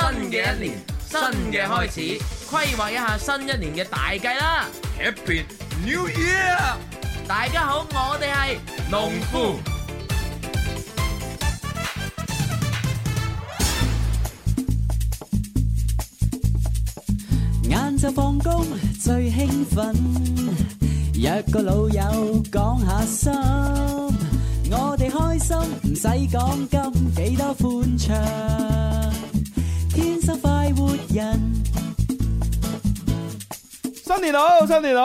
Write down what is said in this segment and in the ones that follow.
新嘅一年，新嘅開始，規劃一下新一年嘅大計啦！Happy New Year！大家好，我哋係農夫。晏晝放工最興奮，約個老友講下心，我哋開心唔使講金，幾多歡暢。快活人。新年好，新年好，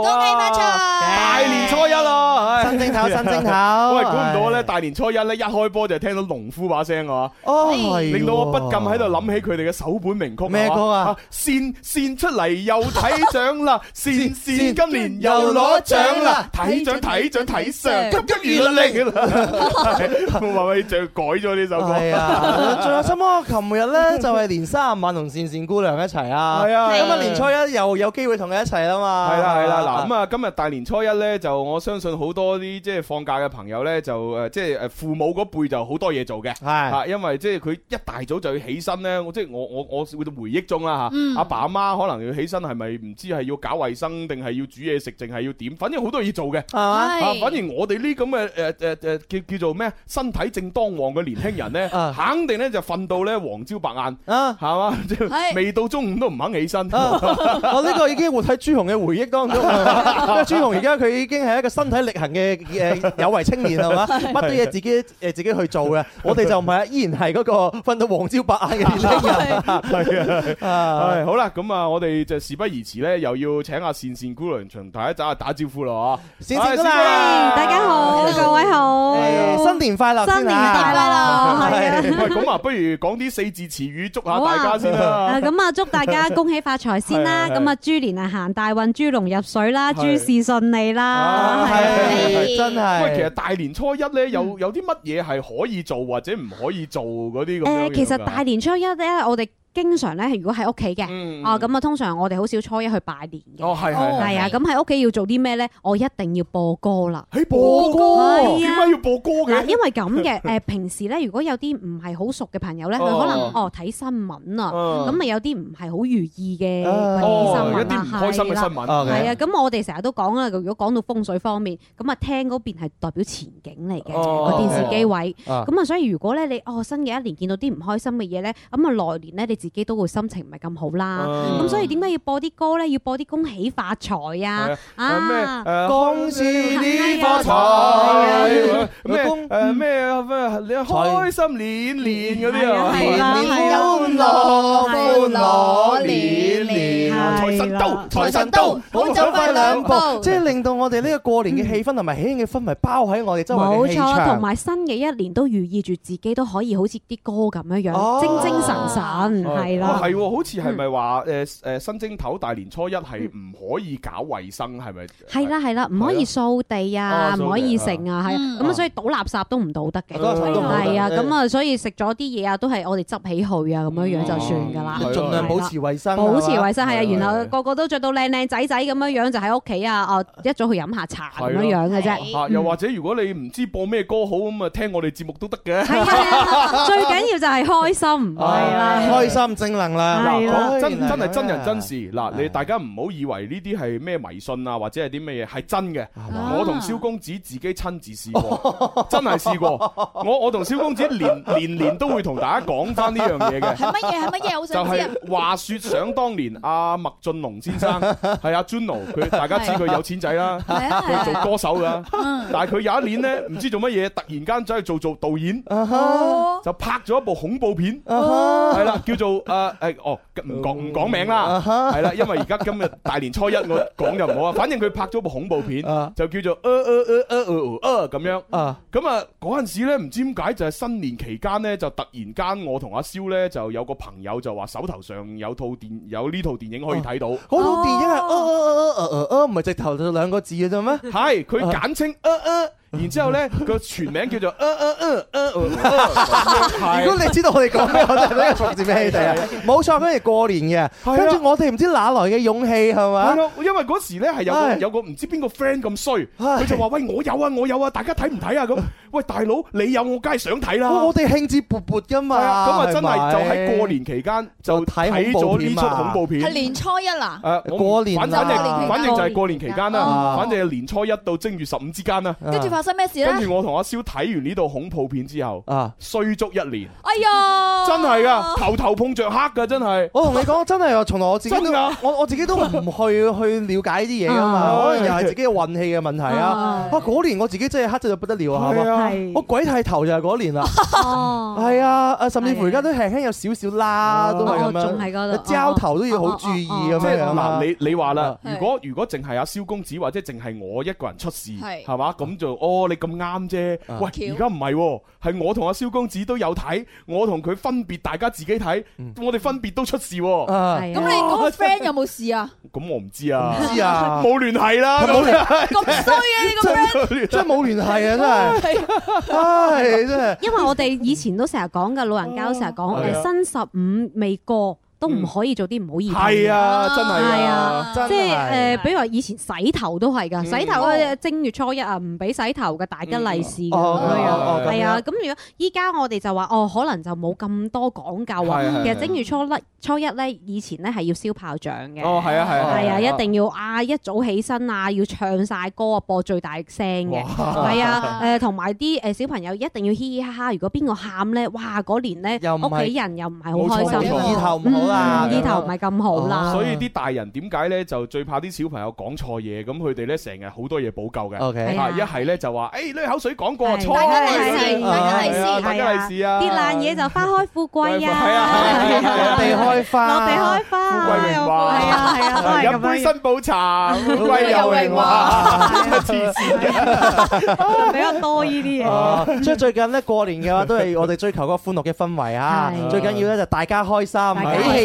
都未錯。大年初一咯、哎，哎哎、新正頭，新正頭。喂，估唔到咧，大年初一咧一開波就聽到農夫把聲啊，哦是，哦、令到我不禁喺度諗起佢哋嘅首本名曲、啊。咩歌啊？蒨蒨、啊、出嚟又睇獎啦，蒨蒨今年又攞獎啦，睇獎睇獎睇上，急急如律令。我話喂，仲改咗呢首歌。係是啊，仲有森哥，琴日咧就係年卅晚同蒨蒨姑娘一齊啊。係是啊，咁啊，年初一又有機會。同佢一齊啦嘛，係啦係啦嗱咁啊！今日大年初一咧，就我相信好多啲即係放假嘅朋友咧，就誒即係誒父母嗰輩就好多嘢做嘅，係啊，因為即係佢一大早就要起身咧，我即係我我我回到回憶中啦嚇，阿爸阿媽可能要起身，係咪唔知係要搞衞生定係要煮嘢食，定係要點？反正好多嘢做嘅，係嘛？啊，反而我哋呢咁嘅誒誒誒叫叫做咩身體正當旺嘅年輕人咧，肯定咧就瞓到咧黃朝白晏啊，係嘛？未到中午都唔肯起身，我呢個已經。喺朱雄嘅回憶當中，因為朱雄而家佢已經係一個身體力行嘅誒有為青年係嘛？乜都嘢自己誒自己去做嘅。我哋就唔係，依然係嗰個瞓到黃朝白晏嘅年輕人。係好啦，咁啊，我哋就事不宜遲咧，又要請阿蒨蒨姑娘上台一打打招呼啦嚇。蒨蒨姑娘，大家好，各位好，新年快樂，新年快樂。係啊，咁啊，不如講啲四字詞語祝下大家先啦。啊，咁啊，祝大家恭喜發財先啦。咁啊，豬年啊。行大運、豬籠入水啦，諸事是順利啦，啊是，真係。喂，其實大年初一咧，有有啲乜嘢係可以做或者唔可以做嗰啲咁樣？欸、其實大年初一咧，我哋。經常咧，如果喺屋企嘅，啊咁啊，通常我哋好少初一去拜年。嘅。係啊，咁喺屋企要做啲咩咧？我一定要播歌啦。喺播歌，點解要播歌？因為咁嘅，誒平時咧，如果有啲唔係好熟嘅朋友咧，佢可能哦睇新聞啊，咁啊有啲唔係好如意嘅新聞，一啲開心嘅新聞啦。係啊，咁我哋成日都講啦，如果講到風水方面，咁啊聽嗰邊係代表前景嚟嘅個電視機位，咁啊所以如果咧你哦新嘅一年見到啲唔開心嘅嘢咧，咁啊來年咧你。自己都會心情唔係咁好啦，咁所以點解要播啲歌咧？要播啲恭喜發財啊！啊咩？誒恭喜發財，咩誒咩咩？你開心年年嗰啲啊！係啊！歡樂歡樂年年，財神到！財神到！好，走快兩步，即係令到我哋呢個過年嘅氣氛同埋喜慶嘅氛圍包喺我哋周圍。冇錯，同埋新嘅一年都寓意住自己都可以好似啲歌咁樣樣精精神神。係咯，係好似係咪話誒誒，新正頭大年初一係唔可以搞衛生係咪？係啦係啦，唔可以掃地啊，唔可以剩啊，係咁所以倒垃圾都唔倒得嘅。係啊，咁啊，所以食咗啲嘢啊，都係我哋執起去啊，咁樣樣就算噶啦，盡量保持衛生，保持衛生。係啊，然後個個都着到靚靚仔仔咁樣樣就喺屋企啊，哦，一早去飲下茶咁樣樣嘅啫。又或者如果你唔知播咩歌好咁啊，聽我哋節目都得嘅。係啊，最緊要就係開心，係啦，開心。正能量啦，嗱真，真真係真人真事，嗱，你大家唔好以為呢啲係咩迷信啊，或者係啲咩嘢，係真嘅。嗎我同蕭公子自己親自試過，真係試過。我我同蕭公子年年年都會同大家講翻呢樣嘢嘅。係乜嘢？係乜嘢？我想知。就係、是、話說，想當年阿麥浚龍先生係阿 j u n n 佢大家知佢有錢仔啦，佢 做歌手噶。但係佢有一年咧，唔知做乜嘢，突然間走去做做導演， 就拍咗一部恐怖片，係啦， 叫做。啊誒哦，唔講唔講名啦，係啦，因為而家今日大年初一，我講就唔好啊。反正佢拍咗部恐怖片，就叫做呃呃呃呃呃呃咁樣。咁啊嗰陣時咧，唔知點解就係新年期間咧，就突然間我同阿蕭咧就有個朋友就話手頭上有套電有呢套電影可以睇到。嗰套電影係呃呃呃呃，唔係直頭就兩個字嘅啫咩？係佢簡稱呃呃。然之後咧，佢個全名叫做嗯嗯嗯。如果你知道我哋講咩，我就喺度復字俾你哋啊。冇錯，跟住過年嘅。跟住我哋唔知哪來嘅勇氣係嘛？因為嗰時咧係有個有個唔知邊個 friend 咁衰，佢就話：喂，我有啊，我有啊，大家睇唔睇啊？咁，喂大佬，你有我梗係想睇啦。我哋興致勃勃㗎嘛。咁啊，真係就喺過年期間就睇咗呢出恐怖片。係年初一喇。誒，過年啦。反正反正就係過年期間啦，反正係年初一到正月十五之間啦。跟住跟住我同阿蕭睇完呢度恐怖片之後，衰足一年。哎呀，真係噶，頭頭碰着黑噶，真係。我同你講，真係啊，從來我自己，我我自己都唔去去了解呢啲嘢噶嘛，可能又係自己嘅運氣嘅問題啊。啊，嗰年我自己真係黑就不得了啊，我鬼剃頭就係嗰年啊。係啊，甚至乎而家都輕輕有少少啦，都係咁樣。仲係嗰度，朝頭都要好注意咁樣。嗱，你你話啦，如果如果淨係阿蕭公子或者淨係我一個人出事，係嘛咁就。哦，你咁啱啫！喂，而家唔係，係我同阿蕭公子都有睇，我同佢分別，大家自己睇，我哋分別都出事。咁你嗰個 friend 有冇事 啊？咁我唔知啊，唔知啊，冇聯繫啦，咁衰啊！你個 friend 真係冇聯繫啊，真係，唉，真係。因為我哋以前都成日講嘅老人家都，都成日講新十五未過。都唔可以做啲唔好嘢。係啊，真係。係啊，即係誒，比如話以前洗頭都係㗎，洗頭啊，正月初一啊，唔俾洗頭嘅大吉利是。哦係啊，咁如果依家我哋就話哦，可能就冇咁多講究啊。其實正月初一初一咧，以前咧係要燒炮仗嘅。哦，係啊，係啊。係啊，一定要啊，一早起身啊，要唱晒歌，啊，播最大聲嘅。係啊，誒，同埋啲誒小朋友一定要嘻嘻哈哈。如果邊個喊咧，哇，嗰年咧，屋企人又唔係好開心。開啊，意頭唔係咁好啦，所以啲大人點解咧就最怕啲小朋友講錯嘢，咁佢哋咧成日好多嘢補救嘅，嚇一係咧就話，誒呢口水講過錯，大家利是，大家利是，大家利是啊，跌爛嘢就花開富貴啊，係啊，落地開花，落地開花，富貴榮華，係啊係啊，飲杯新寶茶，富貴又榮華，比較多呢啲嘢，即係最近咧過年嘅話，都係我哋追求嗰個歡樂嘅氛圍啊，最緊要咧就大家開心。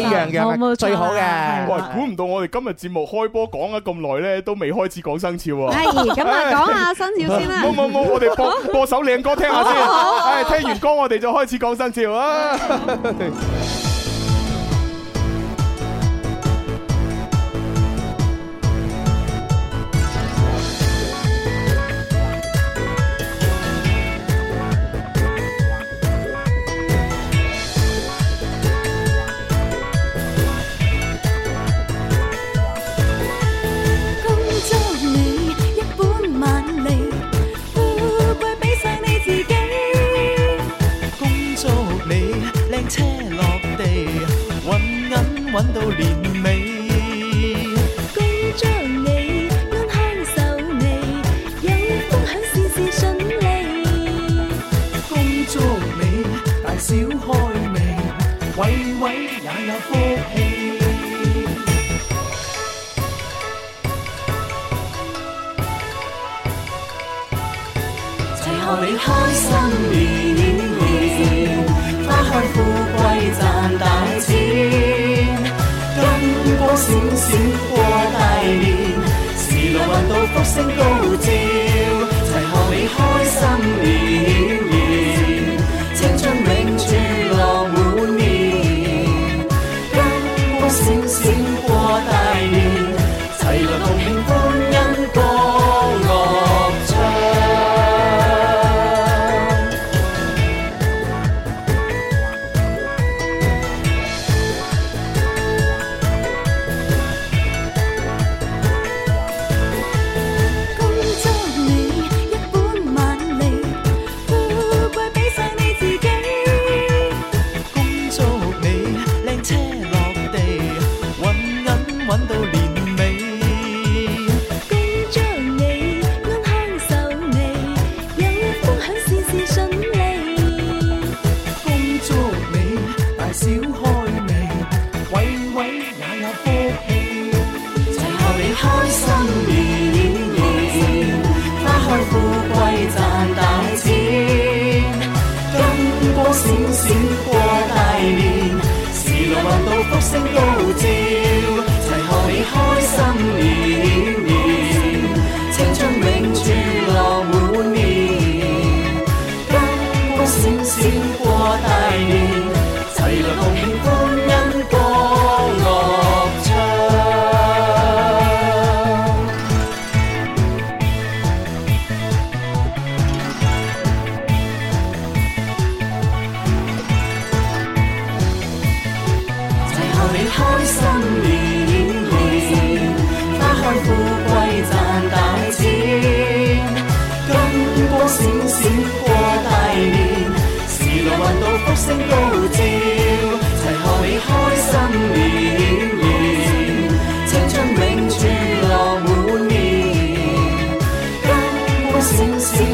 一樣嘅，沒最好嘅、嗯。喂，估唔到我哋今日節目開波講咗咁耐咧，都未開始講生肖喎。阿姨，咁啊，講下生肖先啦。冇冇冇，我哋播 播首靚歌聽下先。好，好、啊，哎，聽完歌我哋就開始講生肖啊。 車落地，揾銀揾到年尾。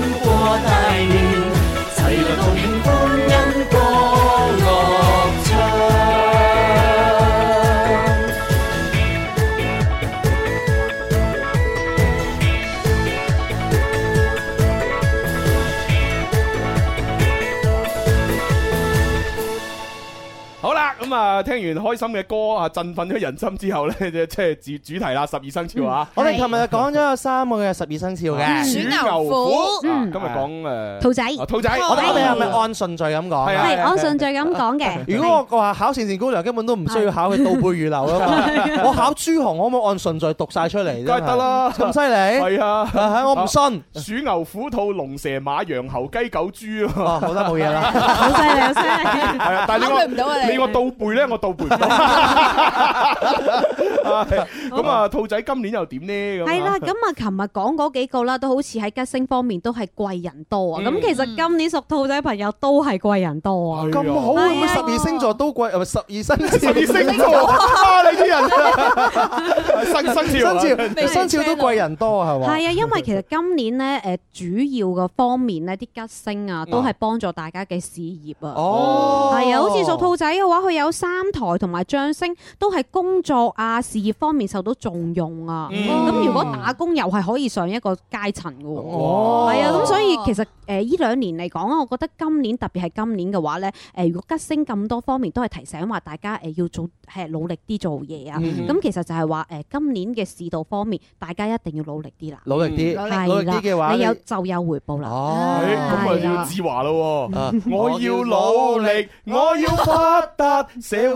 我帶你。聽完開心嘅歌啊，振奮咗人心之後咧，即係主主題啦，十二生肖啊！我哋琴日講咗有三個嘅十二生肖嘅鼠牛虎，今日講誒兔仔，兔仔，我哋你係咪按順序咁講？係啊，按順序咁講嘅。如果我話考善善姑娘，根本都唔需要考佢倒背如流啊嘛！我考朱紅可唔可以按順序讀晒出嚟？梗係得啦，咁犀利！係啊，我唔信鼠牛虎兔龍蛇馬羊猴雞狗豬啊！好得冇嘢啦，好犀利，好犀利！係啊，但係你我你我倒背咧，我。咁 啊，、哎嗯、啊，兔仔今年又點呢？咁係啦，咁啊，琴日講嗰幾個啦，都好似喺吉星方面都係貴人多啊。咁、嗯、其實今年屬兔仔朋友都係貴人多、哎、呀啊。咁好啊！十二星座都貴，唔係十二生肖啊！你啲人啊， 新潮、新潮、都貴人多啊，係咪？係啊，因為其實今年咧，誒主要嘅方面呢啲吉星啊，都係幫助大家嘅事業、嗯、啊。哦，係啊，好似屬兔仔嘅話，佢有三。台同埋將星都係工作啊，事業方面受到重用啊，咁如果打工又係可以上一個階層嘅喎，係啊，咁所以其實誒呢兩年嚟講啊，我覺得今年特別係今年嘅話咧，誒如果吉星咁多方面都係提醒話大家誒要做係努力啲做嘢啊，咁其實就係話誒今年嘅市道方面大家一定要努力啲啦，努力啲努力啲係啦，你有就有回報啦，哦，咁啊要子華咯，我要努力，我要發達，社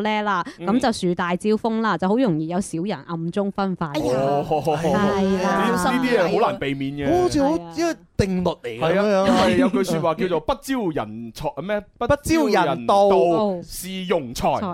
叻啦，咁、嗯、就樹大招風啦，就好容易有小人暗中分化。係啊，呢啲嘢好難避免嘅。好似好，定律嚟噶，係啊，因為有句說話叫做不招人才咩？不不招人妒是用才。係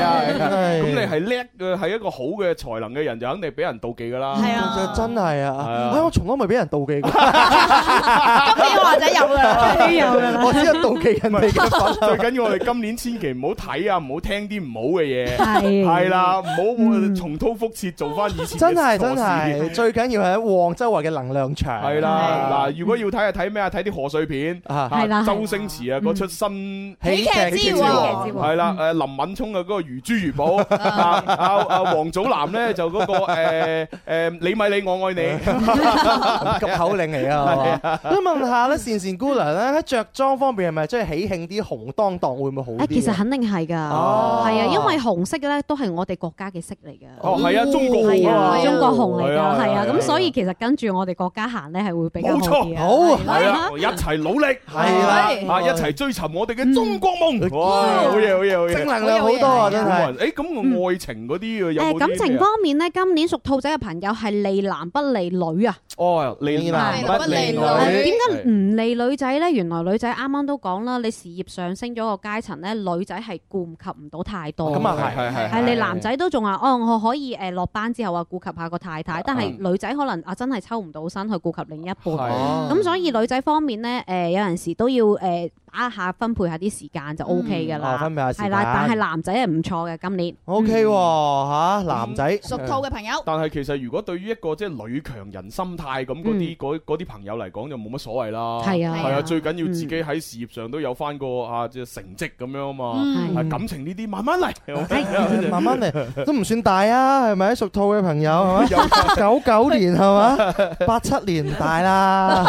啊，咁你係叻嘅，係一個好嘅才能嘅人，就肯定俾人妒忌噶啦。係啊，真係啊，係啊，我從嚟未俾人妒忌過，咁呢或者有噶，有噶。我只啊，妒忌人哋嘅。最緊要我哋今年千祈唔好睇啊，唔好聽啲唔好嘅嘢，係啦，唔好重蹈覆轍，做翻以前嘅傻事。真係真係，最緊要係喺旺周圍嘅能量場。係啦，嗱要。如果要睇啊，睇咩啊？睇啲賀歲片，係啦，周星馳啊，嗰出新喜劇之王，係啦，誒，林敏聰嘅嗰個如珠如寶，啊啊啊，王祖藍咧就嗰個誒誒，你咪你，我愛你，急口令嚟，啊，係嘛？想問下咧，蒨蒨姑娘咧，喺着裝方面係咪中意喜慶啲紅當當，會唔會好？誒，其實肯定係噶，係啊，因為紅色咧都係我哋國家嘅色嚟嘅。哦，係啊，中國紅啊，中國紅嚟噶，係啊，咁所以其實跟住我哋國家行咧係會比較好啲。好係啦，一齊努力係啊一齊追尋我哋嘅中國夢。好嘢，好嘢，好嘢，正能量好多啊，真係。誒咁愛情嗰啲啊，感情方面呢，今年屬兔仔嘅朋友係利男不利女啊。哦，利男不利女。點解唔利女仔咧？原來女仔啱啱都講啦，你事業上升咗個階層咧，女仔係顧及唔到太多。咁啊係係係係，你男仔都仲話哦，我可以誒落班之後啊顧及下個太太，但係女仔可能啊真係抽唔到身去顧及另一半。咁所以女仔方面咧，誒、呃、有陣時都要誒，呃打下分配下啲時間就 OK 㗎喇，分配下時間。但係男仔係唔錯嘅今年。OK 吓男仔，屬兔嘅朋友。但係其實如果對於一個即係女強人心態，咁嗰啲嗰嗰啲朋友嚟講就冇乜所謂啦。係啊，係啊，最緊要自己喺事業上都有返個啊，即係成績咁樣啊嘛。係感情呢啲慢慢嚟，慢慢嚟都唔算大啊，係咪？屬兔嘅朋友係嘛？九九年係嘛？八七年大啦。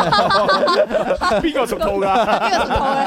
邊個屬兔㗎？邊個屬兔嘅？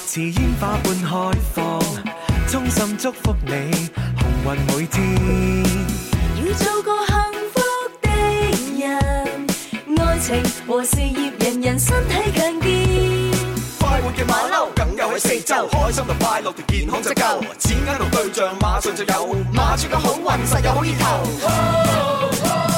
似煙花般開放，衷心祝福你紅運每天。要做個幸福的人，愛情和事業人，人人身體強健、健。快活嘅馬騮，梗有喺四周，開心同快樂，條健康就夠。錢銀同對象馬上就有，馬出個好運實有好意頭。Oh, oh, oh.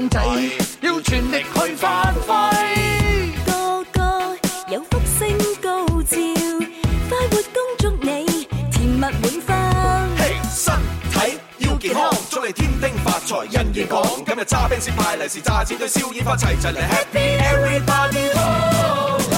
公仔要全力去發揮，個個有福星高照，快活恭祝你甜蜜滿分。Hey, 身體要健康，健康祝你添丁發財人緣廣，今日揸 Benz 派利是，揸錢堆燒煙花，齊齊嚟 Happy Everybody、all.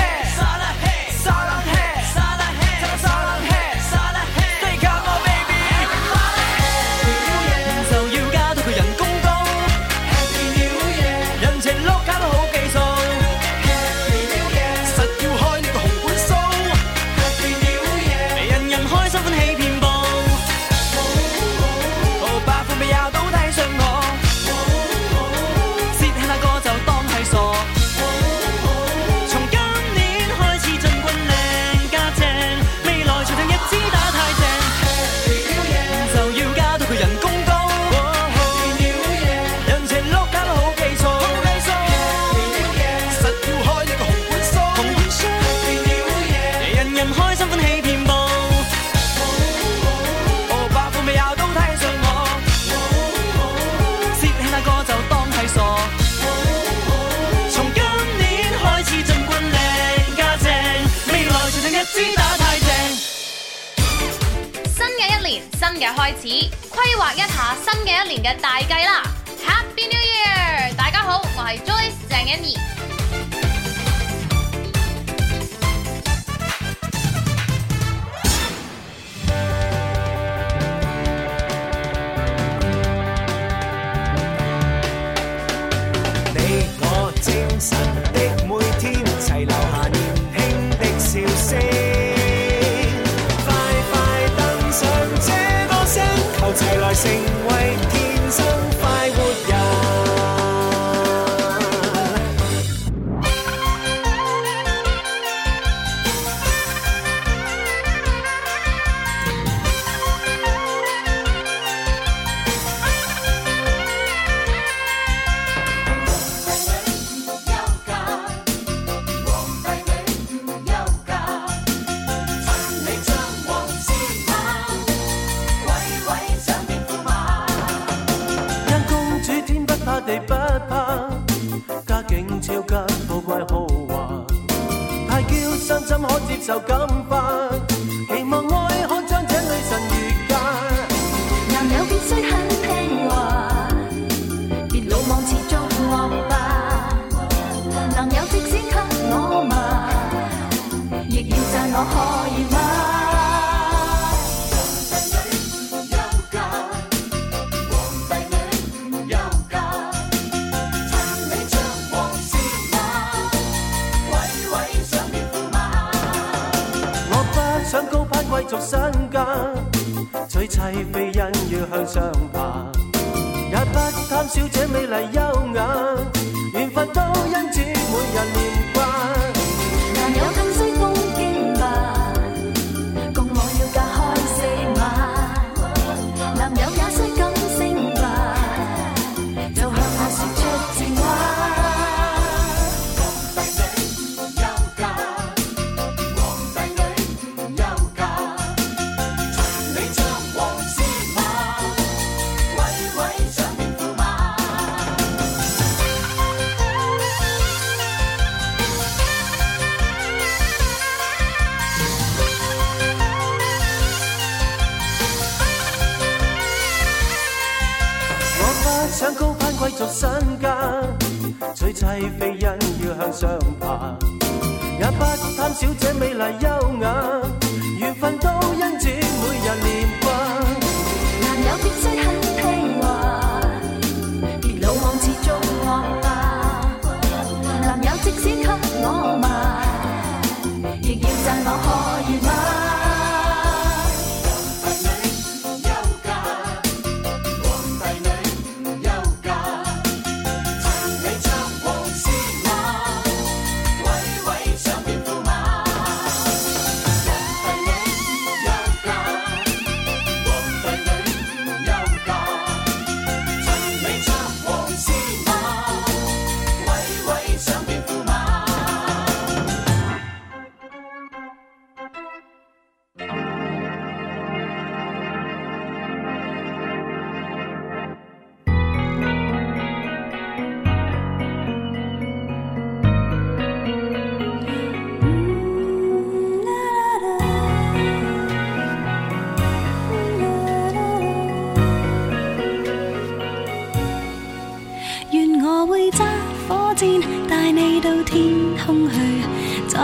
嘅大計啦～非因要向上爬，也不貪小姐美麗優雅，緣份都因此每日念。身家，娶妻非因要向上爬，也不貪小姐美麗優雅。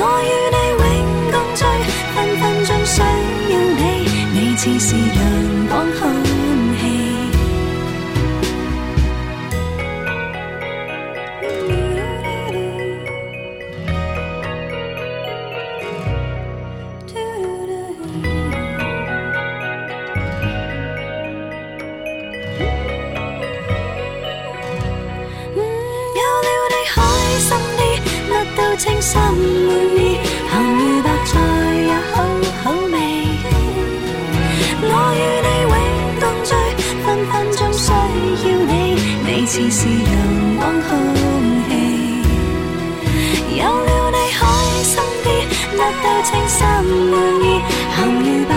我與你永共聚，分分鐘需要你，你似是陽光空氣。有了 mm，你開心啲，乜都稱心滿意。便是陽光空氣，有了你開心啲，得到稱心滿意。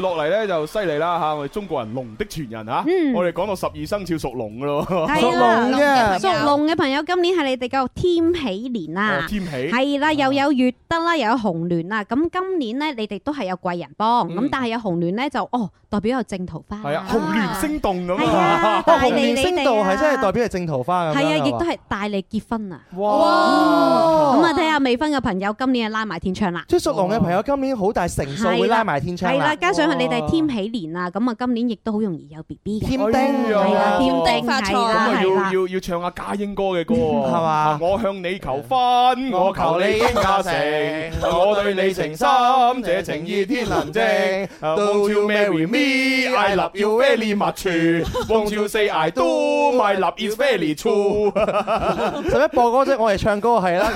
落嚟咧就犀利啦吓，我哋中國人龍的傳人吓，嗯、我哋講到十二生肖屬龍噶咯，屬龍嘅屬龍嘅朋友，今年係你哋嘅天喜年啊，天、嗯、喜係啦，又有月。有紅鸞啦，咁今年咧，你哋都係有貴人幫，咁但係有紅鸞咧就哦，代表有正桃花。係啊，紅鸞星動咁啊，紅鸞星動係真係代表係正桃花咁樣，係啊，亦都係帶嚟結婚啊。哇！咁啊，睇下未婚嘅朋友，今年啊拉埋天窗啦。即屬龍嘅朋友，今年好大成數會拉埋天窗啦。係啦，加上係你哋添喜年啦，咁啊，今年亦都好容易有 B B 添丁，添丁發財啦。要要要唱下嘉英哥嘅歌係嘛？我向你求婚，我求你嘉成。我對你情深，這情意天能證。Don't you marry me？I love you very much。Won't you say I do？My love is very true。十一播歌啫，我哋唱歌係啦，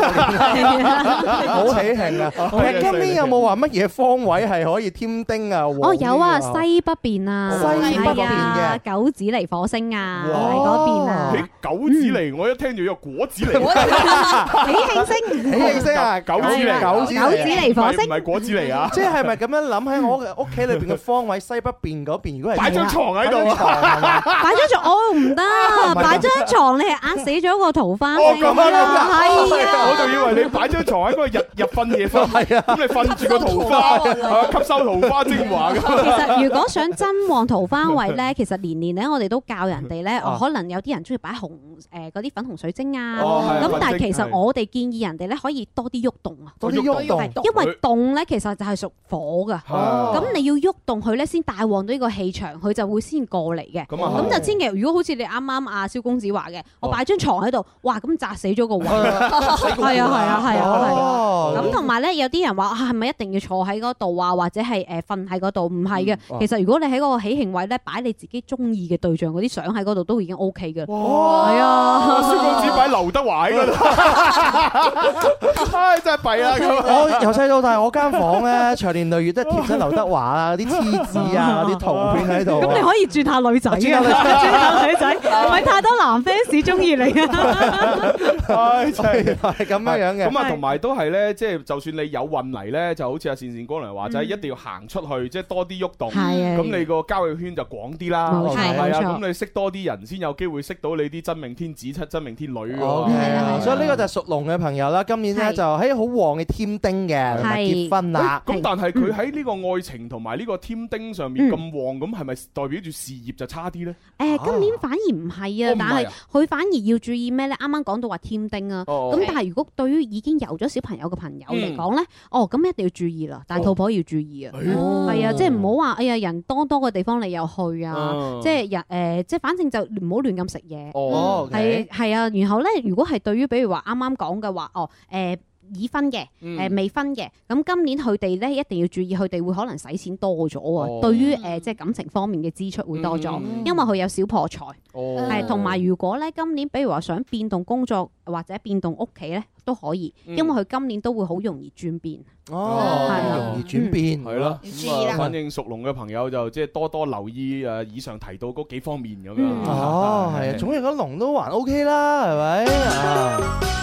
好喜慶啊！咁邊有冇話乜嘢方位係可以添丁啊？哦，有啊，西北邊啊，西北邊嘅九子離火星啊，喺嗰邊啊。九子離，我一聽就有果子嚟。喜慶星？喜慶星啊？九子嚟。果子狸，唔係果子狸啊！即係係咪咁樣諗，喺我嘅屋企裏邊嘅方位西北邊嗰邊？如果係擺張床喺度，擺張床？我唔得，擺張床，你係壓死咗個桃花。哦，咁係我就以為你擺張床喺嗰度日日瞓夜瞓。係啊，咁你瞓住個桃花，吸收桃花精華。其實如果想真旺桃花位咧，其實年年咧我哋都教人哋咧，可能有啲人中意擺紅誒嗰啲粉紅水晶啊，咁但係其實我哋建議人哋咧可以多啲喐動啊，因為凍咧，其實就係屬火噶，咁你要喐動佢咧，先帶旺到呢個氣場，佢就會先過嚟嘅。咁就千祈，如果好似你啱啱阿蕭公子話嘅，我擺張床喺度，哇，咁砸死咗個位。係啊係啊係啊！咁同埋咧，有啲人話啊，係咪一定要坐喺嗰度啊？或者係誒瞓喺嗰度？唔係嘅，其實如果你喺嗰個喜慶位咧擺你自己中意嘅對象嗰啲相喺嗰度，都已經 OK 嘅。哇，係啊！蕭公子擺劉德華喺嗰度，真係弊啦～我由細到大，我間房咧長年累月都貼晒劉德華啊、啲廁紙啊、啲圖片喺度。咁你可以轉下女仔啊，轉下女仔，唔係太多男 fans 中意你啊。係係咁樣樣嘅。咁啊，同埋都係咧，即係就算你有運嚟咧，就好似阿蒨蒨姑娘話就係一定要行出去，即係多啲喐動。係。咁你個交友圈就廣啲啦，冇錯，係啊。咁你識多啲人，先有機會識到你啲真命天子、真真命天女。OK。所以呢個就係屬龍嘅朋友啦。今年咧就喺好旺嘅天。添丁嘅、係結婚啦，咁但係佢喺呢個愛情同埋呢個添丁上面咁旺，咁係咪代表住事業就差啲咧？誒，今年反而唔係啊，但係佢反而要注意咩咧？啱啱講到話添丁啊，咁但係如果對於已經有咗小朋友嘅朋友嚟講咧，哦，咁一定要注意啦，大肚婆要注意啊，係啊，即係唔好話哎呀人多多嘅地方你又去啊，即係人誒，即係反正就唔好亂咁食嘢，係係啊，然後咧如果係對於比如話啱啱講嘅話，哦、誒。已婚嘅，誒未婚嘅，咁今年佢哋咧一定要注意，佢哋會可能使錢多咗喎。對於誒即係感情方面嘅支出會多咗，因為佢有小破財。誒同埋如果咧今年，比如話想變動工作或者變動屋企咧都可以，因為佢今年都會好容易轉變。哦，容易轉變，係咯。意啊，反正屬龍嘅朋友就即係多多留意誒以上提到嗰幾方面咁樣。哦，係啊，總言之，龍都還 OK 啦，係咪？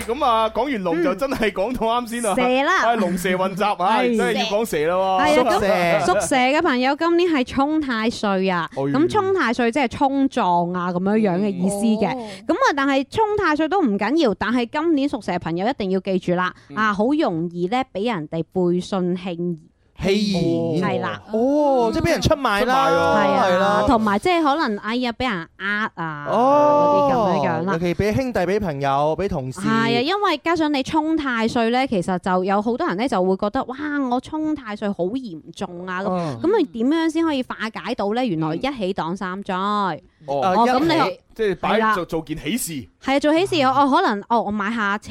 咁啊，講、嗯、完龍就真係講到啱先啦。蛇啦了，龍、哎、蛇混雜啊， 是真係要講蛇啦。係啊的，咁屬蛇嘅 朋友今年係沖太歲啊。咁、哎、沖太歲即係沖撞啊，咁樣樣嘅意思嘅。咁啊、嗯哦，但係沖太歲都唔緊要，但係今年屬蛇嘅朋友一定要記住啦。嗯、啊，好容易咧俾人哋背信棄義。欺言係、哦哎、啦，哦，即係俾人出賣啦，係啦，同埋即係可能哎呀俾人呃啊，哦，啲咁樣樣啦，尤其俾兄弟、俾朋友、俾同事。係啊，因為加上你沖太歲咧，其實就有好多人咧就會覺得哇，我沖太歲好嚴重啊咁，咁你點樣先可以化解到咧？原來一起擋三災。哦，一起即係擺做做件喜事。係、哦、啊，做喜事我可能哦，哦，哦，哦我買下車。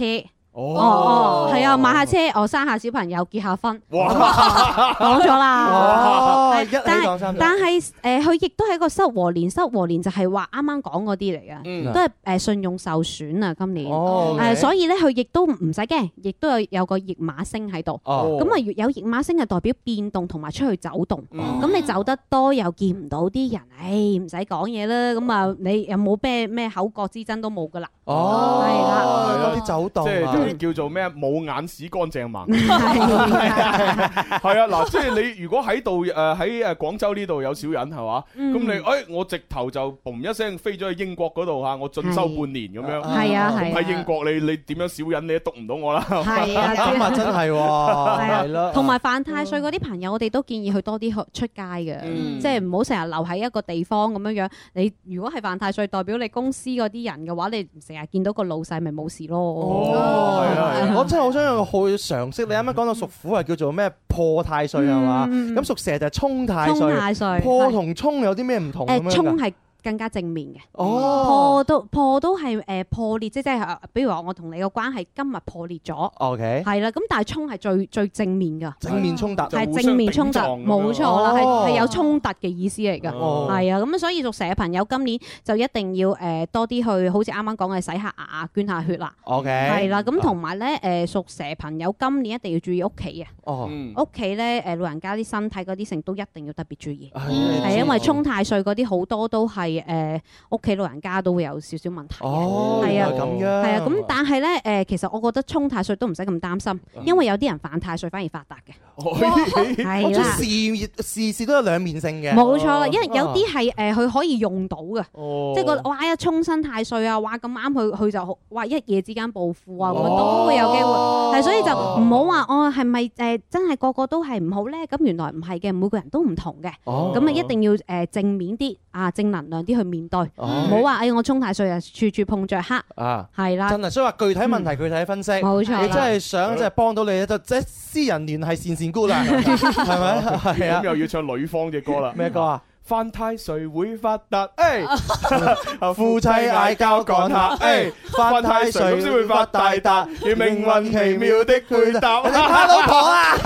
哦，係、哦哦、啊，買下車，我生下小朋友，結下婚，講咗啦。但係但係，誒、呃，佢亦都係一個失和年，失和年就係話啱啱講嗰啲嚟嘅，嗯、都係誒、呃、信用受損啊，今年。哦 okay 呃、所以咧，佢亦都唔使驚，亦都有有個驛馬星喺度。咁啊、哦，有驛馬星就代表變動同埋出去走動。咁、嗯、你走得多又見唔到啲人，誒、欸，唔使講嘢啦。咁啊，你有冇咩咩口角之爭都冇噶啦。哦，多啲走動，即係叫做咩？冇眼屎乾淨盲，係啊，係啊，係啊，嗱，即係你如果喺度誒喺誒廣州呢度有小人係嘛，咁你誒我直頭就嘣一聲飛咗去英國嗰度吓，我進修半年咁樣，係啊係，喺英國你你點樣小人你都督唔到我啦，係啊，咁啊真係喎，係咯，同埋犯太歲嗰啲朋友，我哋都建議去多啲出街嘅，即係唔好成日留喺一個地方咁樣樣。你如果係犯太歲，代表你公司嗰啲人嘅話，你唔成。見到個老細咪冇事咯。哦，係啊，我真係好想去嘗試。你啱啱講到屬虎係叫做咩破太歲係嘛？咁屬、嗯、蛇就係衝太歲。衝太歲。破同衝有啲咩唔同咁樣噶？呃更加正面嘅，破都破都係誒破裂，即即係，比如話我同你個關係今日破裂咗，OK，係啦，咁但係衝係最最正面噶，正面衝突係正面衝突，冇錯啦，係有衝突嘅意思嚟㗎，係啊，咁所以屬蛇嘅朋友今年就一定要誒多啲去，好似啱啱講嘅洗下牙、捐下血啦，OK，係啦，咁同埋咧誒屬蛇朋友今年一定要注意屋企啊，哦，屋企咧誒老人家啲身體嗰啲成都一定要特別注意，係因為衝太歲嗰啲好多都係。誒屋企老人家都會有少少問題嘅，係、哦、啊，咁樣係啊，咁但係咧誒，其實我覺得沖太歲都唔使咁擔心，因為有啲人犯太歲反而發達嘅，係、哎呀哦、啦，事事都有兩面性嘅、嗯，冇、嗯、錯啦，因為有啲係誒佢可以用到嘅，嗯嗯、即係個哇啊沖身太歲啊，哇咁啱佢佢就好哇一夜之間暴富啊，咁都會有機會，係、哦哦哦、所以就唔好話哦係咪誒真係個個都係唔好咧？咁原來唔係嘅，每個人都唔同嘅，咁啊、哦哦、一定要誒正面啲啊正能量、嗯。啲去面對，唔好話，哎，我沖太歲啊，處處碰着黑啊，係啦，真係，所以話具體問題具體分析，冇錯。你真係想即係幫到你咧，就即私人聯繫，蒨蒨姑娘，係咪啊？係啊，又要唱女方嘅歌啦，咩歌啊？犯太歲會發達，誒，夫妻嗌交講下，誒，犯太歲先會發大達，要命運奇妙的配搭。hello，我啊，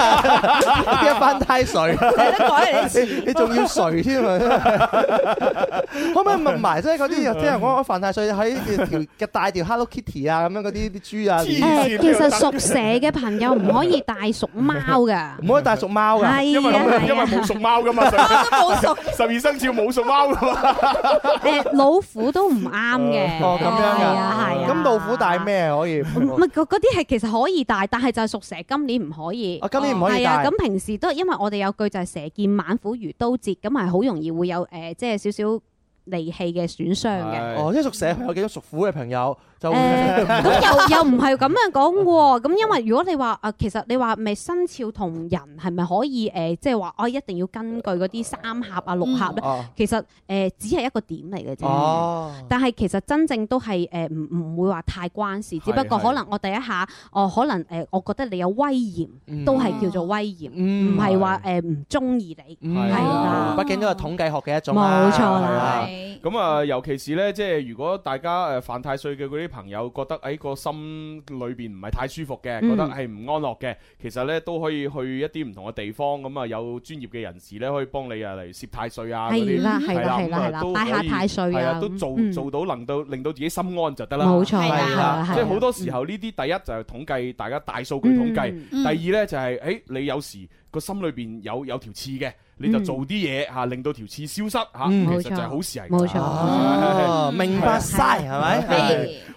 一犯太歲，你仲要誰添啊？可唔可以問埋，即係嗰啲，即係我犯太歲喺條嘅帶條 hello kitty 啊，咁樣嗰啲啲豬啊？誒，其實屬蛇嘅朋友唔可以帶屬貓噶，唔可以帶屬貓噶，係因為冇屬貓噶嘛，我都冇屬。變身做武術貓咯！誒、 欸，老虎都唔啱嘅。哦，咁樣嘅，係啊，咁老虎帶咩可以？唔係嗰啲係其實可以帶，但係就係屬蛇今年唔可以。我、哦、今年唔可以帶。係、哦、啊，咁平時都係因為我哋有句就係、是、蛇見猛虎如刀截，咁係好容易會有誒，即係少少利器嘅損傷嘅。哦、啊，即因屬蛇係有幾多屬虎嘅朋友？誒咁、呃嗯嗯、又又唔係咁樣講喎，咁、嗯、因為如果你話誒，其實你話咪生肖同人係咪可以誒，即係話哦一定要根據嗰啲三合啊六合咧？嗯哦、其實誒、呃、只係一個點嚟嘅啫。哦、但係其實真正都係誒，唔、呃、唔會話太關事，只不過可能我第一下哦、呃，可能誒、呃，我覺得你有威嚴，都係叫做威嚴，唔係話誒唔中意你係啦。畢竟都係統計學嘅一種冇、啊、錯啦。咁啊，尤其是咧，即係如果大家誒犯太歲嘅嗰啲。呃呃呃呃呃呃呃朋友覺得誒個心裏邊唔係太舒服嘅，覺得係唔安樂嘅，其實咧都可以去一啲唔同嘅地方，咁啊有專業嘅人士咧可以幫你啊嚟攝太歲啊，係啦係啦係啦，拜下太歲啊，都做做到，令到令到自己心安就得啦。冇錯，係啦，即係好多時候呢啲，第一就係統計大家大數據統計，第二咧就係誒你有時個心裏邊有有條刺嘅，你就做啲嘢吓，令到條刺消失吓，其實就係好事嚟。冇錯，明白晒係咪？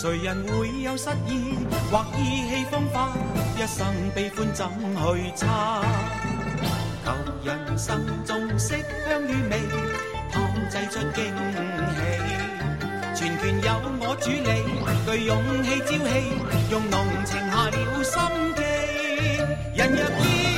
誰人會有失意或意氣風發？一生悲歡怎去猜？舊人生中色香與味，炮製出驚喜。全權由我主理，對勇氣朝氣，用濃情下了心機。人若易。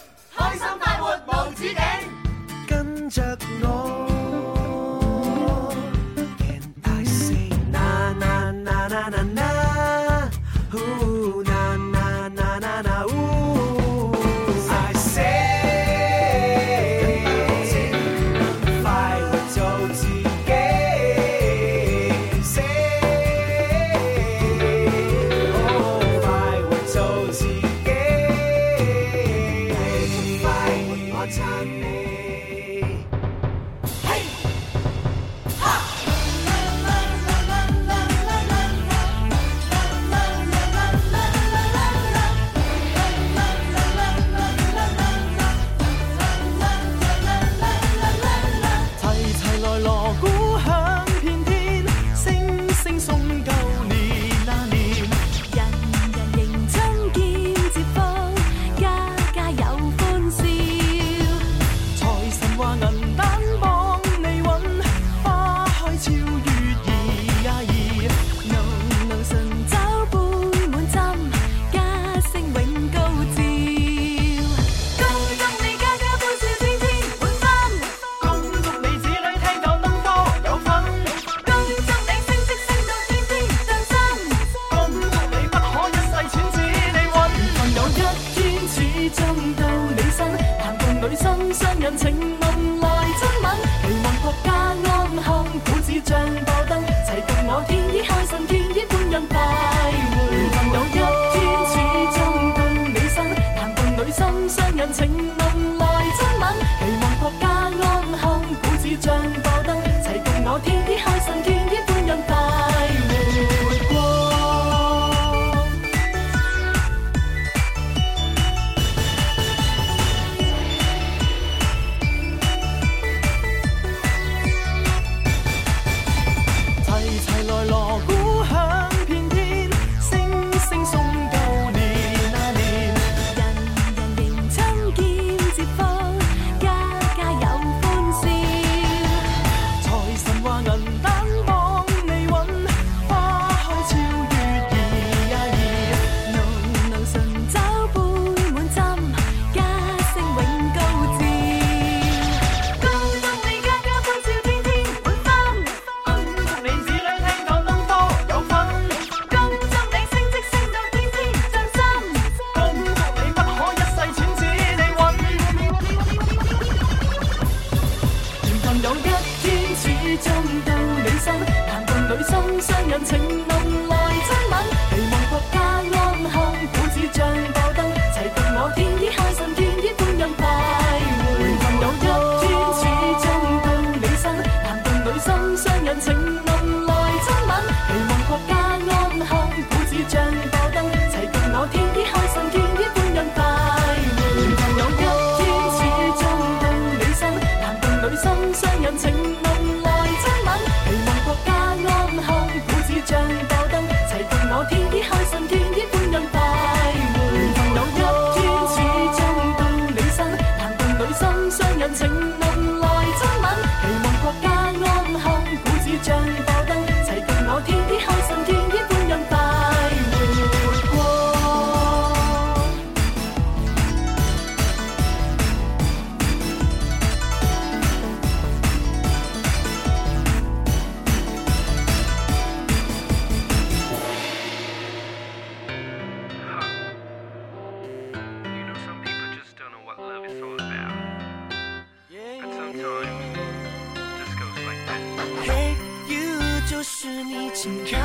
請靠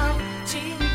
近。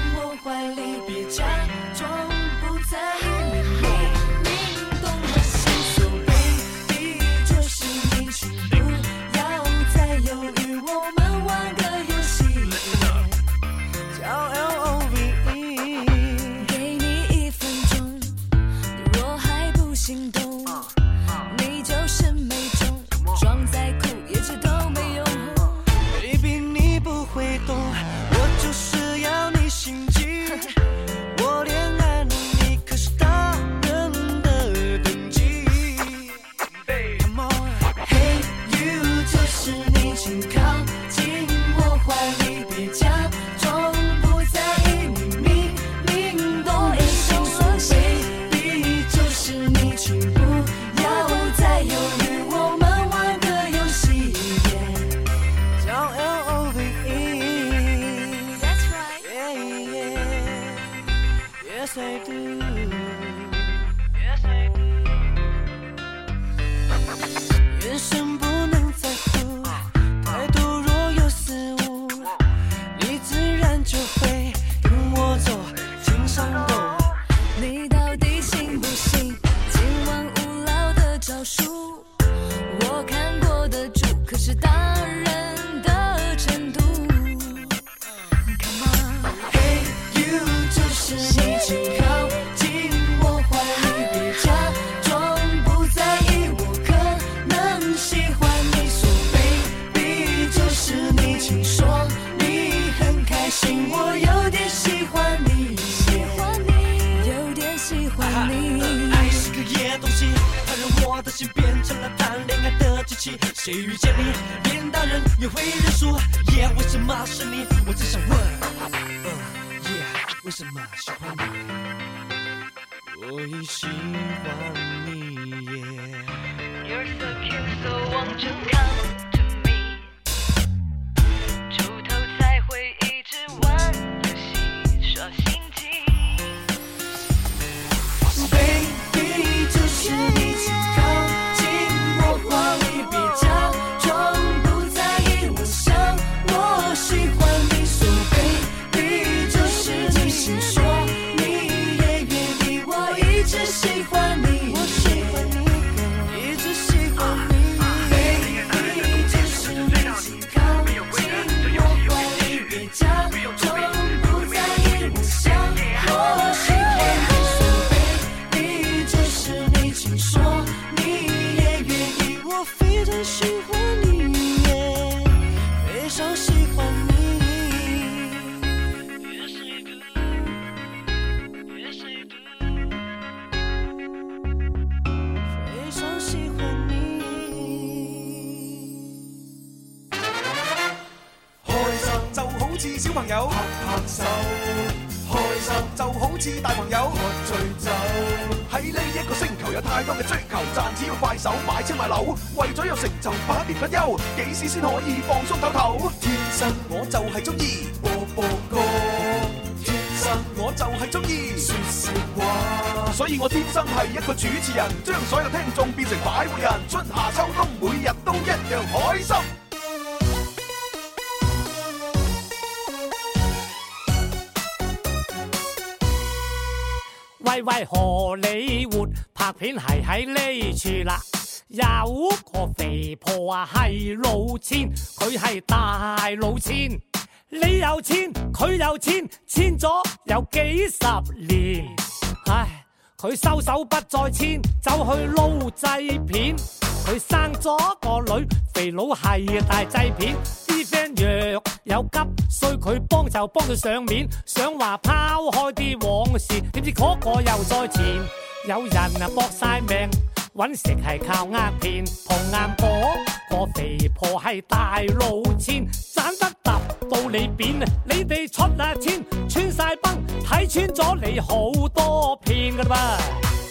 佢收手不再簽，走去撈製片。佢生咗個女，肥佬係大製片。啲 friend 若有急需佢幫就幫佢上面，想話拋開啲往事，點知嗰個又再前，有人啊搏晒命。揾食係靠呃片，碰硬貨個肥婆係大老千，賺得揼到你扁，你哋出力添，穿晒崩，睇穿咗你好多片㗎啦噃！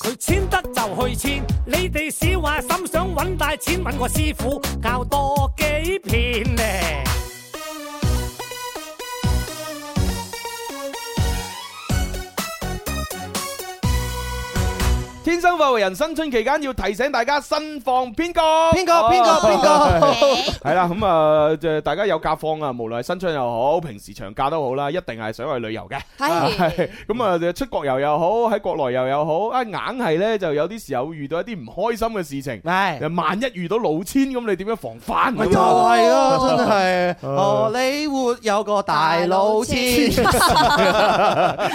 佢簽得就去簽，你哋小話心想揾大錢，揾個師傅教多幾遍咧。天生發人新春期間要提醒大家新放邊個邊個邊個邊個係啦，咁啊，即係大家有假放啊，無論係新春又好，平時長假都好啦，一定係想去旅遊嘅係，咁啊，出國遊又好，喺國內遊又好，啊，硬係咧就有啲時候遇到一啲唔開心嘅事情，係，萬一遇到老千咁，你點樣防範？咪就係咯，真係荷里活有個大老千，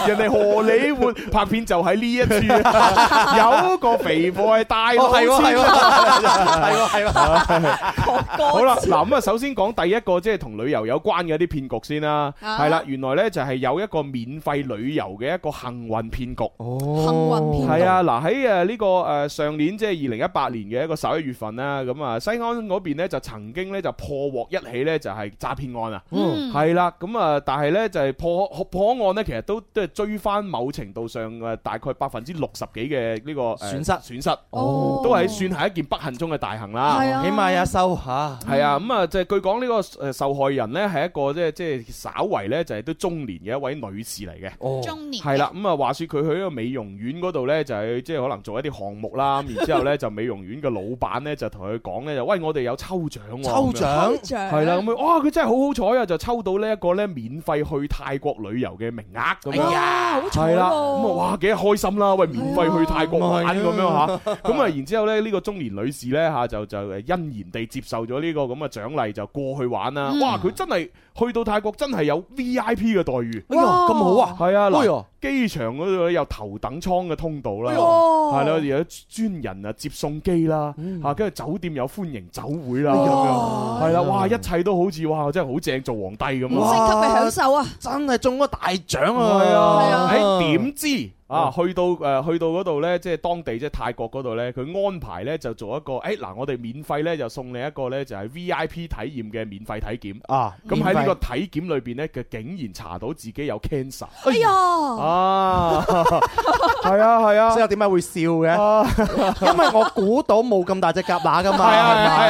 人哋荷里活拍片就喺呢一處。九個肥婆係大老千囉，係喎、 哦，係係係好啦，嗱咁啊，首先講第一個即係同旅遊有關嘅啲騙局先啦，係啦、啊，原來咧就係有一個免費旅遊嘅一個幸運騙局，幸運騙局係啊，嗱喺誒呢個誒上年即係二零一八年嘅一個十一月份啦，咁啊西安嗰邊咧就曾經咧就破獲一起咧就係詐騙案啊，係啦、嗯，咁啊但係咧就係破破案咧其實都都追翻某程度上誒大概百分之六十幾嘅呢。個損失損失哦，都係算係一件不幸中嘅大幸啦。係啊，起碼有收吓，係啊。咁啊，就據講呢個誒受害人呢，係一個即係即係稍為咧就係都中年嘅一位女士嚟嘅。中年係啦。咁啊，話說佢去一個美容院嗰度呢，就係即係可能做一啲項目啦。然之後咧就美容院嘅老闆呢，就同佢講呢：「就喂我哋有抽獎，抽獎係啦。咁哇佢真係好好彩啊！就抽到呢一個呢，免費去泰國旅遊嘅名額。咁樣，好彩係啦。咁啊，哇幾開心啦！喂，免費去泰國。玩咁樣吓，咁啊， 然之後咧呢個中年女士咧吓，就就欣然地接受咗呢個咁嘅獎勵，就過去玩啦。嗯、哇，佢真係～去到泰國真係有 V I P 嘅待遇，哎哇！咁好啊，係啊，嗱，機場嗰度有頭等艙嘅通道啦，係啦，有專人啊接送機啦，嚇，跟住酒店有歡迎酒會啦，係啦，哇！一切都好似哇，真係好正，做皇帝咁樣好升級嘅享受啊，真係中咗大獎啊！係啊，係啊，點知啊，去到誒去到嗰度咧，即係當地即係泰國嗰度咧，佢安排咧就做一個，誒嗱，我哋免費咧就送你一個咧就係 V I P 體驗嘅免費體檢啊，咁喺。呢個體檢裏邊咧，佢竟然查到自己有 cancer。哎呀！啊，係啊係啊，所以點解會笑嘅？因為我估到冇咁大隻蛤乸㗎嘛，係咪？係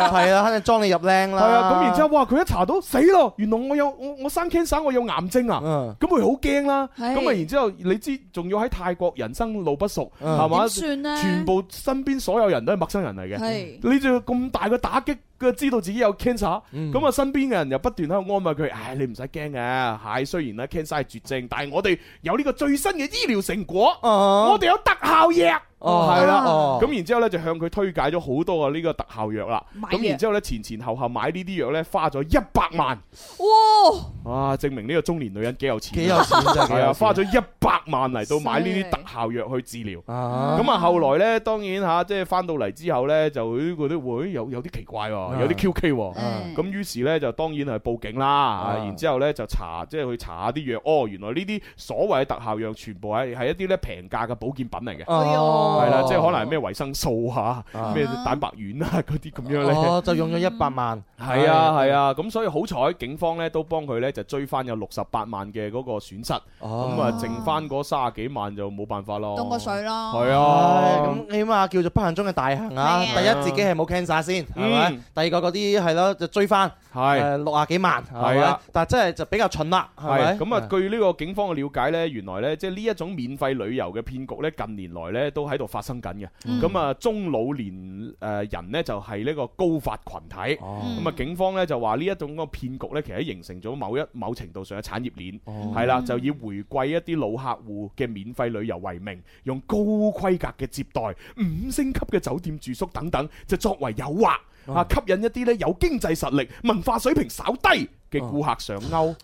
係係係啊，肯定裝你入靚啦。係啊，咁然之後，哇！佢一查到，死咯！原來我有我我生 cancer，我有癌症啊！咁佢好驚啦。咁啊，然之後你知，仲要喺泰國人生路不熟係嘛？點算咧？全部身邊所有人都係陌生人嚟嘅。係，你仲要咁大嘅打擊。知道自己有 cancer，咁啊、嗯，身邊嘅人又不斷喺度安慰佢，唉，你唔使驚啊，唉，雖然咧 cancer 係絕症，但係我哋有呢個最新嘅醫療成果，uh huh. 我哋有特效藥。哦，係啦，哦，咁然之後咧就向佢推介咗好多個呢個特效藥啦。咁然之後咧前前後後買呢啲藥咧花咗一百萬。哇！啊，證明呢個中年女人幾有錢。幾有錢係啊！花咗一百萬嚟到買呢啲特效藥去治療。咁啊，後來咧當然吓，即係翻到嚟之後咧就覺得會有有啲奇怪喎，有啲 QK 喎。咁於是咧就當然係報警啦。啊。然之後咧就查，即係去查下啲藥。哦，原來呢啲所謂嘅特效藥全部係係一啲咧平價嘅保健品嚟嘅。哦。係啦，即係可能係咩維生素吓，咩蛋白丸啊嗰啲咁樣咧。哦，就用咗一百萬。係啊，係啊，咁所以好彩警方咧都幫佢咧就追翻有六十八萬嘅嗰個損失，咁啊剩翻嗰三十幾萬就冇辦法咯。凍個水咯。係啊，咁起碼叫做不幸中嘅大幸啊！第一自己係冇 cancer 先，係咪？第二個嗰啲係咯就追翻係六啊幾萬，係啊？但係真係就比較蠢啦，係咪？咁啊，據呢個警方嘅了解咧，原來咧即係呢一種免費旅遊嘅騙局咧，近年來咧都喺度。發生緊嘅，咁啊、嗯、中老年誒人呢就係呢個高發群體，咁啊、哦、警方呢就話呢一種個騙局呢，其實係形成咗某一某程度上嘅產業鏈，係啦、哦，就以回饋一啲老客戶嘅免費旅遊為名，用高規格嘅接待、五星級嘅酒店住宿等等，就作為誘惑啊，吸引一啲呢有經濟實力、文化水平稍低嘅顧客上鉤，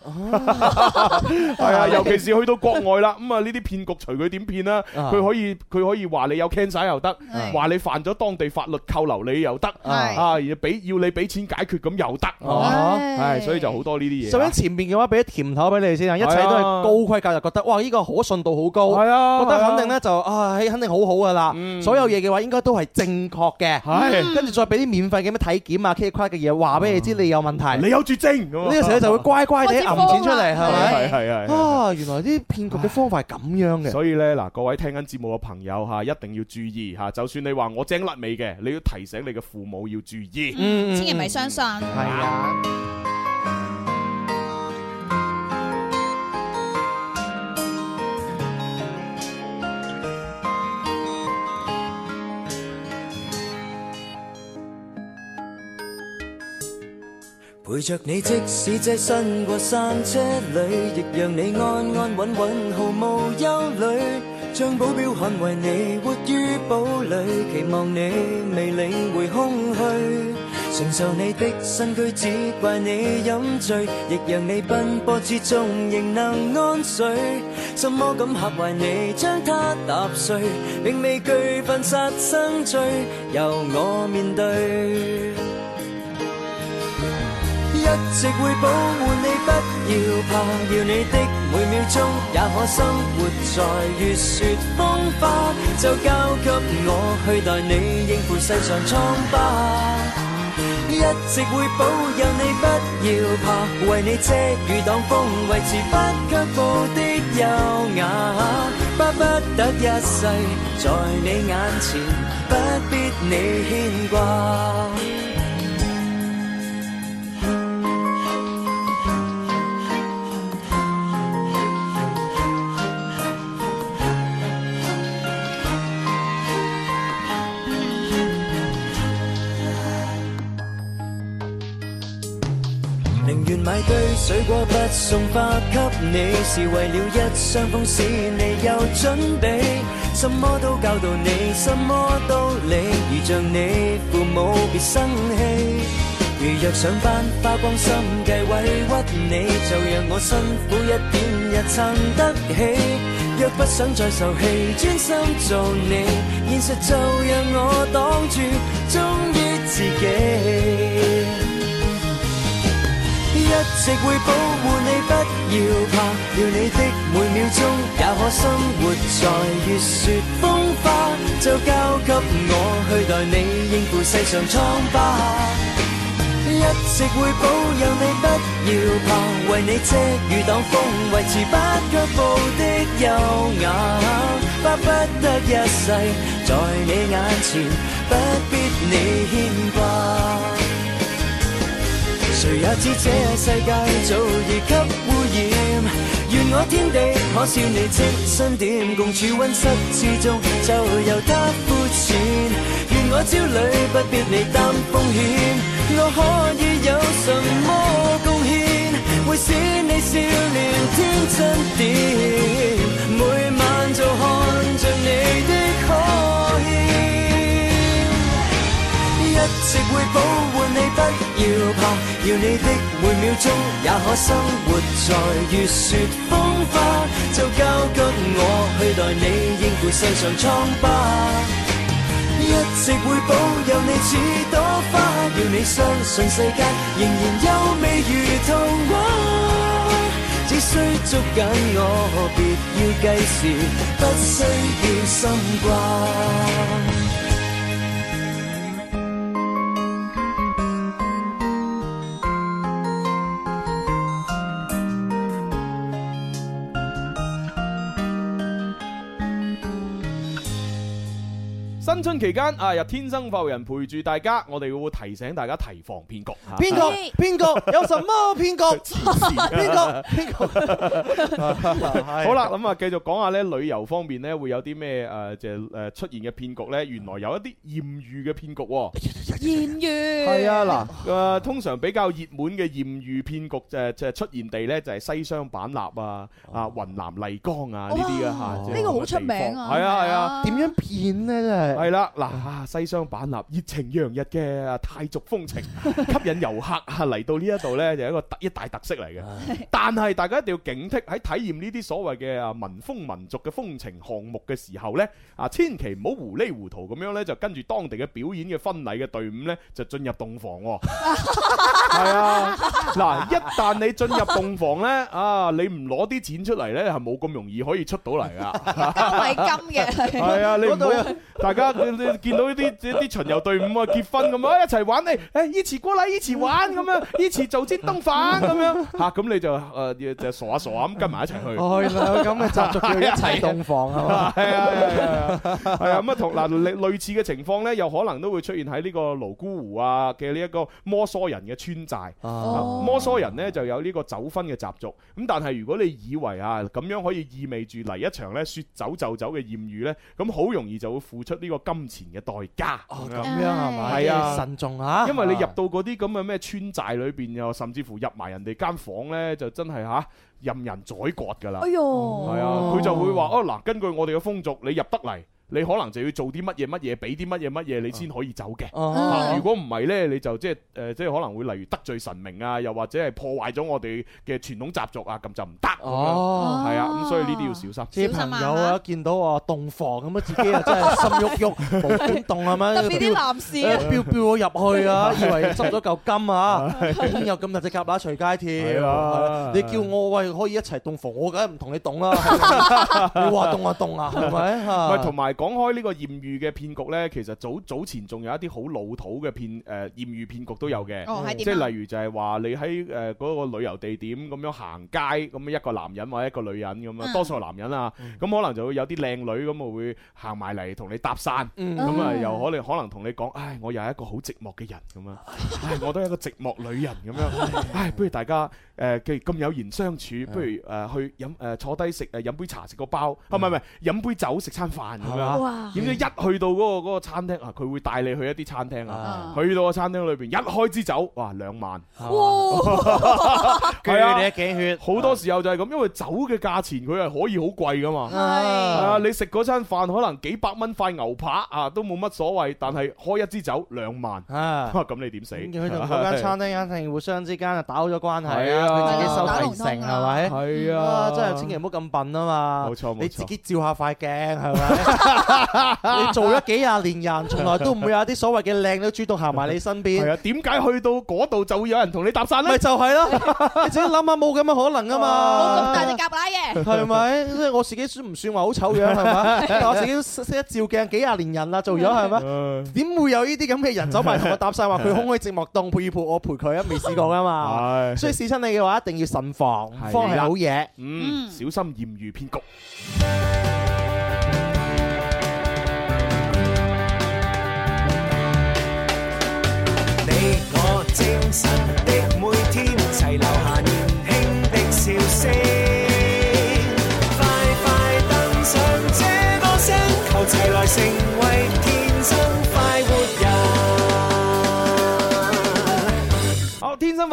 係啊，尤其是去到國外啦，咁啊呢啲騙局隨佢點騙啦，佢可以佢可以話你有 cancer 又得，話你犯咗當地法律扣留你又得，啊，然後俾要你俾錢解決咁又得，係，所以就好多呢啲嘢。就喺前面嘅話俾啲甜頭俾你先啊，一切都係高規格，就覺得哇呢個可信度好高，係啊，覺得肯定咧就啊，係肯定好好噶啦，所有嘢嘅話應該都係正確嘅，跟住再俾啲免費嘅咩體檢啊，奇怪嘅嘢話俾你知你有問題，你有絕症。就會乖乖地揞錢出嚟，係咪？係係係。啊，啊原來啲騙局嘅方法係咁樣嘅。唉。所以咧嗱，各位聽緊節目嘅朋友嚇，一定要注意嚇、啊。就算你話我精甩尾嘅，你要提醒你嘅父母要注意。嗯，千祈唔係相信。係、嗯、啊。啊陪着你，即使擠身過山車裏，亦讓你安安穩穩，毫無憂慮。將保鏢捍衛你，活於堡壘，期望你未領會空虛。承受你的身軀，只怪你飲醉，亦讓你奔波之中仍能安睡。什麼敢嚇壞你，將它踏碎，並未懼怕殺生罪，由我面對。一直會保護你，不要怕，要你的每秒鐘，也可生活在月雪風花。就交給我去代你應付世上瘡疤。一直會保佑你，不要怕，為你遮雨擋風，維持不卻步的優雅。巴不，不得一世在你眼前，不必你牽掛。買堆水果不送花給你，是為了一雙風使你有準備。什麼都教導你，什麼道理，如像你父母別生氣。如若想返花光心計委屈你，就讓我辛苦一點也撐得起。若不想再受氣，專心做你，現實就讓我擋住，忠於自己。一直會保護你，不要怕，要你的每秒鐘，也可生活在月雪風花。就交給我去代你應付世上瘡疤。 一直會保佑你，不要怕，為你遮雨擋風，維持不屈步的優雅。巴不得一世在你眼前，不必你牽掛。誰也知這世界早已給污染，願我天地可笑你積身點，共處溫室之中就由得膚淺。願我焦慮不必你擔風險，我可以有什麼貢獻，會使你少年天真點，每晚就看着你的可。一直會保護你，不要怕。要你的每秒鐘，也可生活在月雪風花。就交給我去代你應付世上瘡疤。一直會保佑你似朵花，要你相信世界仍然優美如童話。只需捉緊我，別要計時，不需要心掛。新春期間啊，由天生服人陪住大家，我哋會提醒大家提防騙局。騙 局，騙局，有什麼騙局？騙局，騙局 典。好啦 soul. 嗯，咁啊，繼續講下咧，旅遊方面咧會有啲咩誒，即係誒出現嘅騙局咧？原來有一啲艷遇嘅騙局。艷遇係啊，嗱，誒，通常比較熱門嘅艷遇騙局，誒，即係出現地咧，就係西雙版納啊，啊，雲南麗江啊呢啲嘅吓。呢個好出名啊！係啊係啊，點樣騙咧？真係。啦，嗱，西雙版納熱情洋溢嘅泰族風情，吸引遊客啊嚟到呢一度呢，就係一個特一大特色嚟嘅。但係大家一定要警惕喺體驗呢啲所謂嘅啊民風民俗嘅風情項目嘅時候呢，啊千祈唔好糊裡糊塗咁樣呢，就跟住當地嘅表演嘅婚禮嘅隊伍呢，就進入洞房。哦。係啊，啊，嗱，一旦你進入洞房呢，啊，你唔攞啲錢出嚟呢，係冇咁容易可以出到嚟噶。交費金嘅係啊，你大家。你見到呢啲啲巡遊隊伍啊結婚咁 啊一齊玩誒誒依次過嚟依次玩咁樣依次做尖東房咁樣嚇咁你就誒、呃、就傻下傻下咁跟埋一齊去。哦、原來有咁嘅習俗要一齊洞房係嘛？係 啊係啊咁啊同嗱類類似嘅情況咧，有可能都會出現喺呢個瀘沽湖啊嘅呢一個摩梭人嘅村寨、哦啊。摩梭人咧就有呢個走婚嘅習俗。咁但係如果你以為啊咁樣可以意味住嚟一場咧説走就走嘅豔遇咧，咁好容易就會付出呢、這個。金錢嘅代價哦，咁樣係咪？係啊，慎重啊，因為你入到嗰啲咁嘅咩村寨裏邊，又甚至乎入埋人哋間房呢，就真係吓、啊、任人宰割噶啦。哎喲、嗯、係啊，佢就會話，哦、啊、嗱，根據我哋嘅風俗，你入得嚟，你可能就要做啲乜嘢乜嘢，俾啲乜嘢乜嘢，你先可以走嘅。如果唔係咧，你就即係誒，即係可能會例如得罪神明啊，又或者係破壞咗我哋嘅傳統習俗啊，咁就唔得。哦，係啊，咁所以呢啲要小心。啲朋友啊，見到啊，洞房咁啊，自己啊真係心喐喐好興動係咪？特別啲男士啊，彪彪我入去啊，以為執咗嚿金啊，邊有咁大隻蛤乸隨街跳？你叫我喂可以一齊洞房，我梗係唔同你洞啦。你話洞啊洞啊，係咪？咪同埋。講開呢個艷遇嘅騙局呢，其實早早前仲有一啲好老土嘅騙誒，艷、呃、遇騙局都有嘅，哦、即係例如就係話你喺誒嗰個旅遊地點咁樣行街，咁一個男人或者一個女人咁樣，嗯、多數男人啊，咁、嗯、可能就會有啲靚女咁啊會行埋嚟同你搭訕，咁啊、嗯嗯、又可能可能同你講，唉，我又係一個好寂寞嘅人咁樣，唉，我都係一個寂寞女人咁樣，唉，不如大家。誒，佢咁有緣相處，不如誒去飲誒坐低食誒飲杯茶，食個包，唔係唔係飲杯酒食餐飯咁樣。點知一去到嗰個嗰個餐廳啊，佢會帶你去一啲餐廳啊。去到個餐廳裏邊，一開支酒，哇，兩萬。佢啊，劏你一頸血。好多時候就係咁，因為酒嘅價錢佢係可以好貴噶嘛。啊，你食嗰餐飯可能幾百蚊塊牛扒啊，都冇乜所謂。但係開一支酒兩萬，咁你點死？佢同嗰間餐廳一定互相之間啊打好咗關係啊。自己收提成係咪？係啊，真係千祈唔好咁笨啊嘛！冇錯冇錯，你自己照下塊鏡係咪？你做咗幾廿年人，從來都唔會有啲所謂嘅靚女主動行埋你身邊。係啊，點解去到嗰度就會有人同你搭訕咧？咪就係囉！你自己諗下，冇咁嘅可能啊嘛！冇咁大隻蛤乸嘅係咪？即係我自己算唔算話好醜樣係咪？我自己識得照鏡幾廿年人啦，做咗係咪？點會有呢啲咁嘅人走埋同我搭訕，話佢空虛寂寞凍配伴，我陪佢啊！未試過㗎嘛？係，所以試親你。一定要慎防，的方係好嘢，嗯、小心艷遇騙局。嗯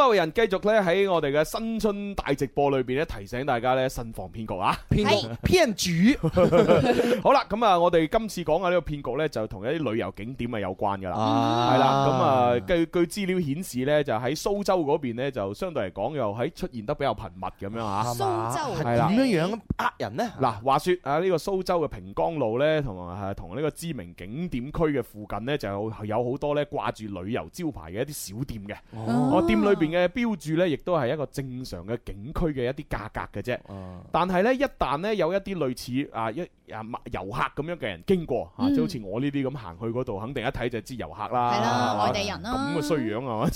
某人繼續咧喺我哋嘅新春大直播裏邊咧，提醒大家咧，慎防騙局啊！騙騙人主。 好啦，咁啊，我哋今次講嘅呢個騙局咧，就同一啲旅遊景點啊有關噶、啊、啦，係啦。咁啊，據據資料顯示咧，就喺蘇州嗰邊咧，就相對嚟講又喺出現得比較頻密咁樣啊。蘇州係點吧啦樣樣呃人呢？嗱、啊，話説啊，呢、呢個蘇州嘅平江路咧，同埋同呢個知名景點區嘅附近咧，就有有好多咧掛住旅遊招牌嘅一啲小店嘅，我、啊啊、店裏邊。嘅標註咧，亦都係一個正常嘅景區嘅一啲價格嘅啫。但係咧，一旦咧有一啲類似啊一啊遊客咁樣嘅人經過嚇，即好似我呢啲咁行去嗰度，肯定一睇就知遊客啦。係啦，外地人啦。咁嘅衰樣啊，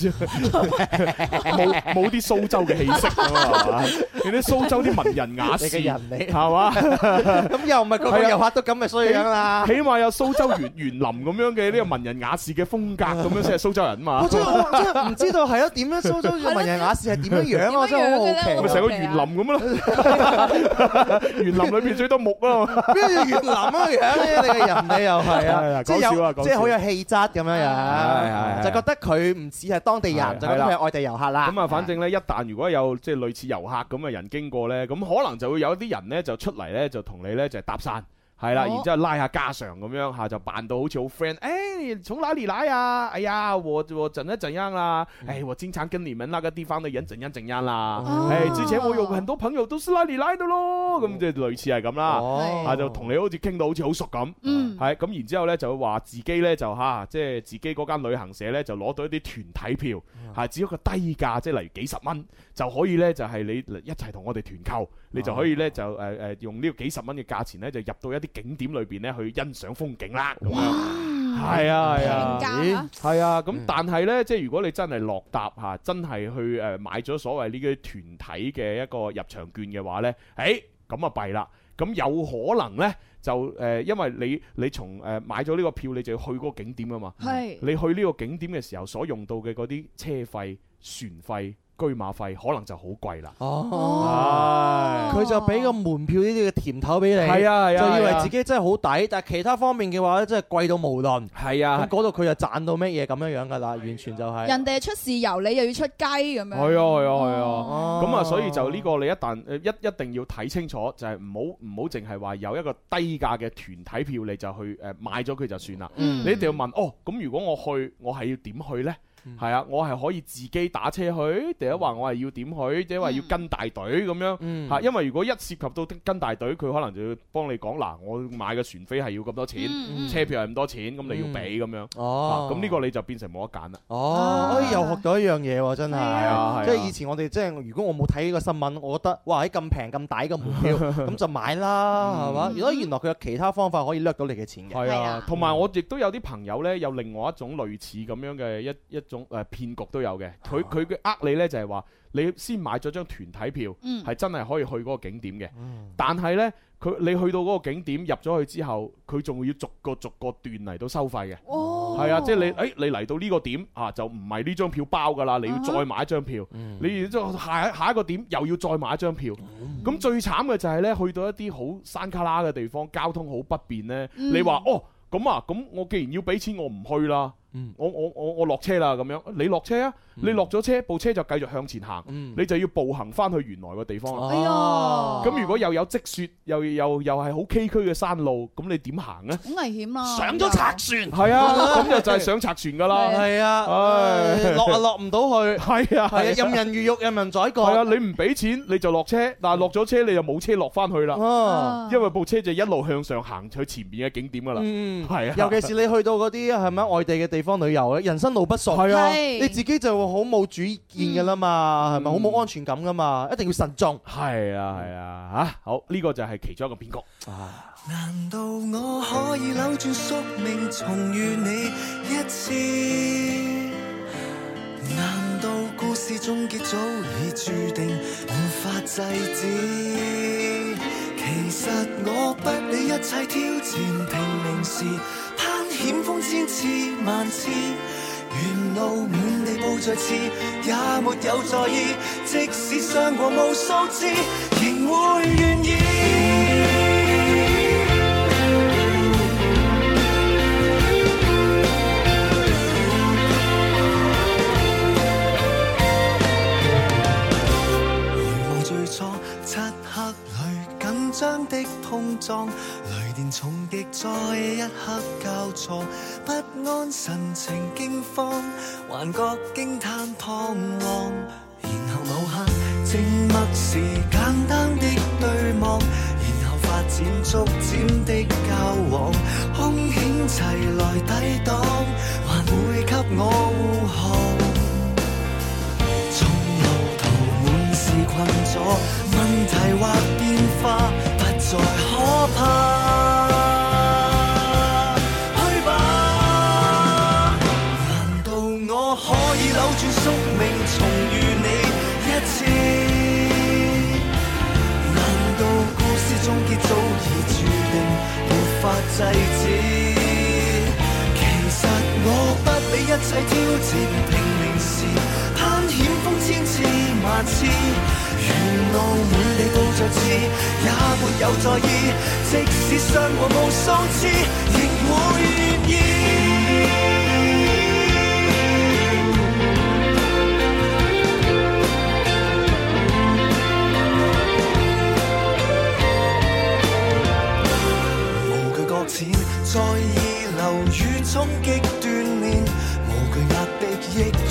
冇冇啲蘇州嘅氣息啊嘛！你啲蘇州啲文人雅士嘅人嚟，係嘛？咁又唔係個個遊客都咁嘅衰樣啦。起碼有蘇州園園林咁樣嘅呢個文人雅士嘅風格咁樣先係蘇州人啊嘛！我真係真係唔知道係啊點樣？都做文人雅士係點樣樣啊？真係好好平，咪成個園林咁咯。園林裏面最多木咯。咩叫園林啊？你嘅人，你又係啊？ 即係有， 即係好有氣質咁樣樣，就覺得佢唔似係當地人，就覺得佢係外地遊客啦。咁啊，反正咧，一旦如果有即係類似遊客咁嘅人經過咧，咁話可能就會有啲人咧就出嚟咧就同你咧就搭訕。係啦，然之後拉下家常咁樣吓，就扮到好似好 friend，欸。誒，從哪裏來啊？哎呀，我我怎樣怎樣啦？誒、啊，我經常跟你們那個地方的人怎樣怎樣啦。誒、啊，之前我有很多朋友都是那裏來的咯。咁即係類似係咁啦。啊，就同你好似傾到好似好熟咁。嗯。係咁，然之後咧就話自己咧就吓，即係自己嗰間旅行社咧就攞到一啲團體票。嚇，只要一個低價，即係例如幾十蚊就可以呢，就係、是、你一齊同我哋團購，啊、你就可以呢，就誒誒、呃、用呢個幾十蚊嘅價錢呢，就入到一啲景點裏邊呢，去欣賞風景啦。咁樣，係啊係啊，係、欸、啊咁，但係呢，即係如果你真係落搭嚇，真係去誒買咗所謂呢啲團體嘅一個入場券嘅話呢，誒咁啊弊啦，咁有可能呢。就誒、呃，因為你你從誒、呃、買咗呢個票，你就要去嗰個景點啊嘛。係，你去呢個景點嘅是時候，所用到嘅嗰啲車費、船費。居馬費可能就好貴啦，哦，佢就俾個門票呢啲嘅甜頭俾你，係啊，係啊，就以為自己真係好抵，但係其他方面嘅話咧，真係貴到無倫，係啊，喺嗰度佢就賺到乜嘢咁樣樣噶啦，完全就係人哋出豉油，你又要出雞咁樣，係啊係啊係啊，咁啊，所以就呢個你一旦一一定要睇清楚，就係唔好唔好淨係話有一個低價嘅團體票，你就去誒買咗佢就算啦，你一定要問哦，咁如果我去，我係要點去呢？」係啊，我係可以自己打車去，第一話我係要點去，即係話要跟大隊咁樣吓。因為如果一涉及到跟大隊，佢可能就要幫你講嗱，我買嘅船飛係要咁多錢，車票係咁多錢，咁你要俾咁樣。哦，咁呢個你就變成冇得揀啦。哦，又學到一樣嘢喎，真係。即係以前我哋即係如果我冇睇呢個新聞，我覺得哇，喺咁平咁大個門票，咁就買啦，係嘛。如果原來佢有其他方法可以掠到你嘅錢嘅。係啊，同埋我亦都有啲朋友呢，有另外一種類似咁樣嘅一一。仲誒騙局都有嘅，佢佢嘅呃你呢就係話，你先買咗張團體票，係、嗯、真係可以去嗰個景點嘅。嗯、但係呢，佢你去到嗰個景點入咗去之後，佢仲會要逐個逐個段嚟到收費嘅。係、哦、啊，即係你誒、哎，你嚟到呢個點啊，就唔係呢張票包㗎啦，你要再買一張票。嗯、你再下下一個點又要再買一張票。咁、嗯、最慘嘅就係呢，去到一啲好山卡拉嘅地方，交通好不便呢。你話哦，咁啊，咁我既然要俾錢我，我唔去啦。嗯，我我我我落車啦，咁樣你落車啊？你落咗車，部車就繼續向前行，你就要步行翻去原來嘅地方啦。哦，咁如果又有積雪，又又又係好崎嶇嘅山路，咁你點行咧？好危險啊！上咗賊船，係啊，咁就就係上賊船噶啦。係啊，落啊落唔到去。係啊，係啊，任人魚肉，任人宰割。係啊，你唔俾錢你就落車，但係落咗車你就冇車落翻去啦。因為部車就一路向上行去前面嘅景點噶啦。係啊。尤其是你去到嗰啲係咪外地嘅地？地方旅遊咧，人生路不熟，係啊，啊啊你自己就會好冇主見噶啦嘛，係咪、嗯？好冇安全感噶嘛，一定要慎重。係啊，係啊，吓好呢、這個就係其中一個騙局。其實我不理一切挑戰，拼命時攀險峯千次萬次，沿路滿地布著刺，也沒有在意，即使傷過無數次，仍會願意。碰撞，雷電重擊在一刻交錯，不安神情驚慌，幻覺驚嘆彷徨。然後某刻靜默時簡單的對望，然後發展逐漸的交往，凶險齊來抵擋，還會給我護航。從路途滿是困阻，問題或變化。再可怕，去吧！難道我可以扭轉宿命，重遇你一次？難道故事終結早已注定，沒法制止？其實，我不理一切挑戰拼命試，攀險峰千次萬次。路滿地佈著刺，也沒有在意。即使傷過無數次，仍會願意。 無懼擱淺，在意流雨衝擊鍛鍊，無懼壓迫。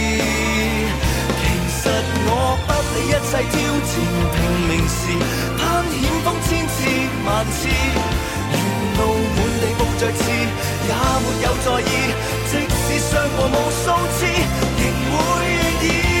我不理一切挑戰，拼命時攀險峯千次萬次，沿路滿地佈著刺，也沒有在意。即使傷過無數次，仍會願意。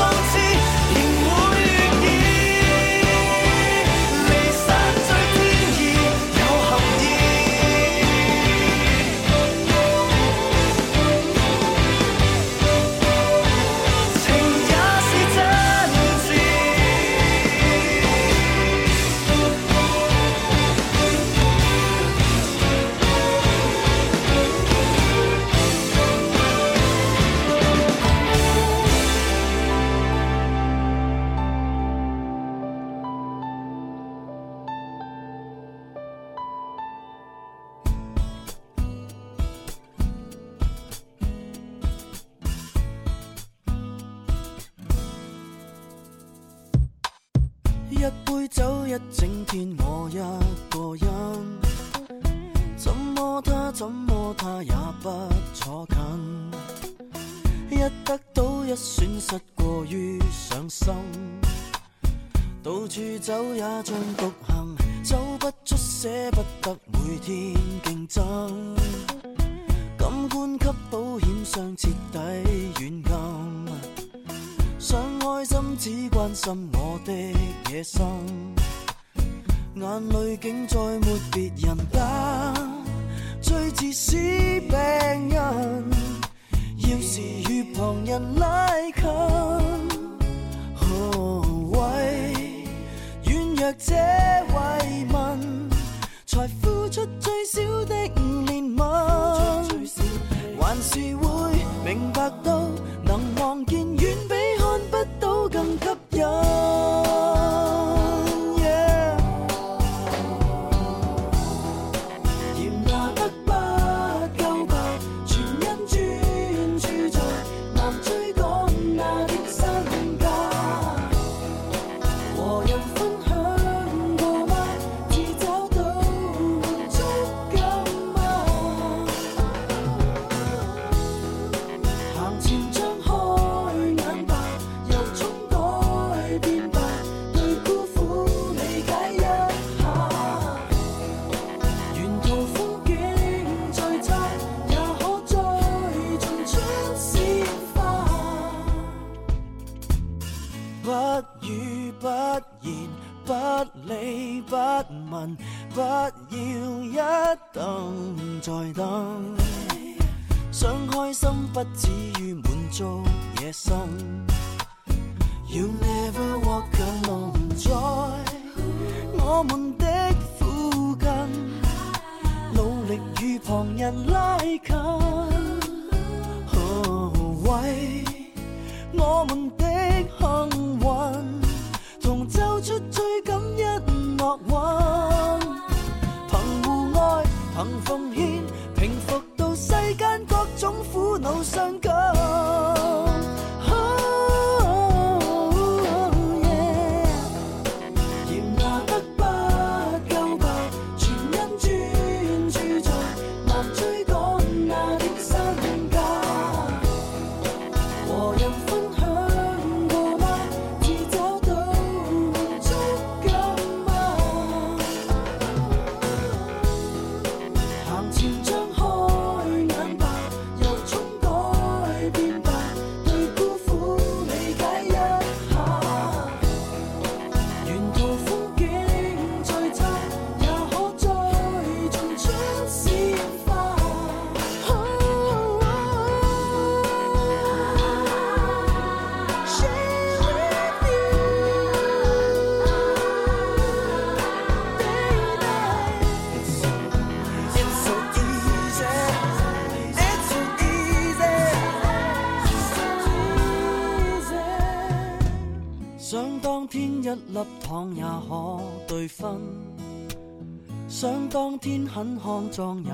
康莊。